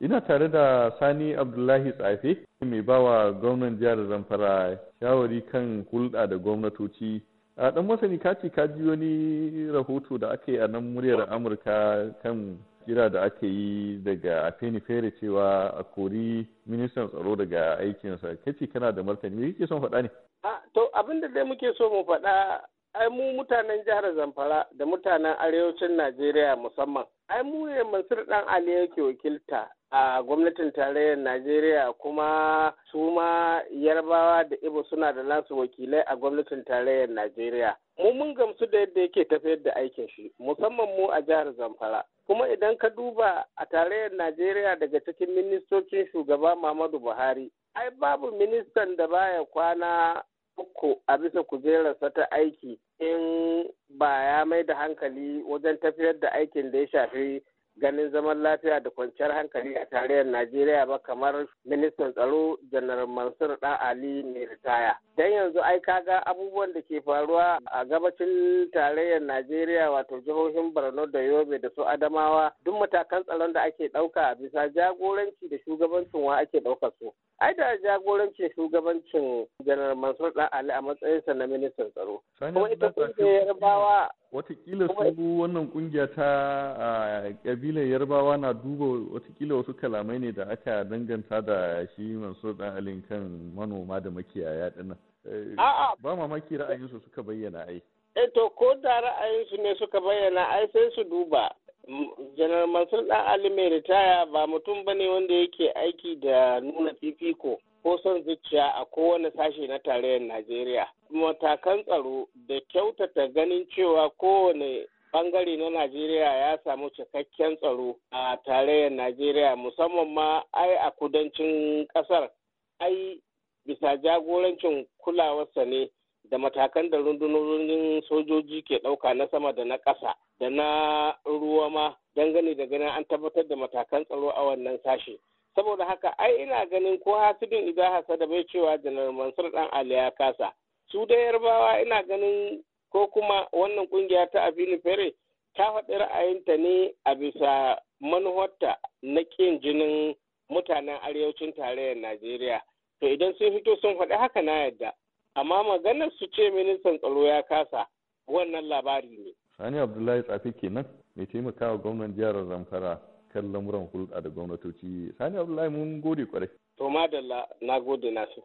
ina tare da sani abdullahi tsafe mai bawa gwamnan jihar zamfara shawari kan hulɗa da gwamnatoci a dan masani kaci ka ji wani rahoto da aka yi a nan muryar amurka kan kira da aka yi daga afeni fere cewa a kori ministan tsaro daga aikinsa kaci kana da martani me kake son faɗa ne to abin da dai muke so mu faɗa ai mu mutanen jihar Zamfara da mutanen arewacin Najeriya musamman. Ai mu ne Mansur Dan Ali yake wakilta a gwamnatin tarayyar Najeriya kuma su ma Yarbawa da Ibo suna da nasu wakilai a gwamnatin tarayyar Najeriya. Mu mun gamsu da yadda yake tafiyar da aikin shi musamman mu a jihar Zamfara. Kuma idan ka duba a tarayyar Najeriya daga cikin ministocin shugaba Muhammadu Buhari, ai babu ministan da baya kwana uku a bisa kujerarsa ta aiki in ba ya mai da hankali wajen tafiyar da aikin da ya shafi ganin zaman lafiya da kwanciyar hankali a tarayyar Najeriya ba kamar ministan tsaro janar Mansur Da Ali mai ritaya. Dan yanzu ai kaga abubuwan da ke faruwa a gabacin tarayyar Najeriya wato jihohin Borno da Yobe da su Adamawa duk matakan tsaron da ake ɗauka bisa jagoranci da shugabancin wa ake ɗauka su. Ai da jagorancin shugabancin janar Mansur Da Ali a matsayinsa na ministan tsaro. kuma ita yarbawa watakila su wannan kungiya ta ƙabilar yarbawa na duba watakila wasu kalamai ne da aka danganta da shi mansur dan alin kan manoma da makiyaya dinnan eh, ba mamaki ra'ayinsu suka bayyana ai eh to ko da ra'ayinsu ne suka bayyana ai sai su duba janar mansur dan ali mai ritaya ba mutum bane wanda yake aiki da nuna fifiko ko son zuciya a kowane sashe na tarayyar Najeriya. Matakan tsaro da kyautata ganin cewa kowane bangare na Najeriya ya samu cikakken tsaro a tarayyar Najeriya musamman ma ai a kudancin kasar ai bisa jagorancin kulawarsa ne da matakan da rundunonin sojoji ke ɗauka na sama da na ƙasa da na ruwa ma dangane da ganin an tabbatar da matakan tsaro a wannan sashe. saboda haka ai ina ganin ko hasidin idan hasada bai cewa janar mansur dan ali ya kasa su da yarbawa ina ganin ko kuma wannan kungiya ta abinu fere ta faɗi ra'ayinta ne a bisa manuwarta na ƙin jinin mutanen arewacin tarayyar najeriya to idan sun fito sun faɗi haka na yadda amma maganar su ce ministan tsaro ya kasa wannan labari ne sani abdullahi tsafi kenan mai taimakawa gwamnan jihar zamfara kan lamuran hulɗa da gwamnatoci sani abdullahi mun gode kwarai to madalla na gode na nasu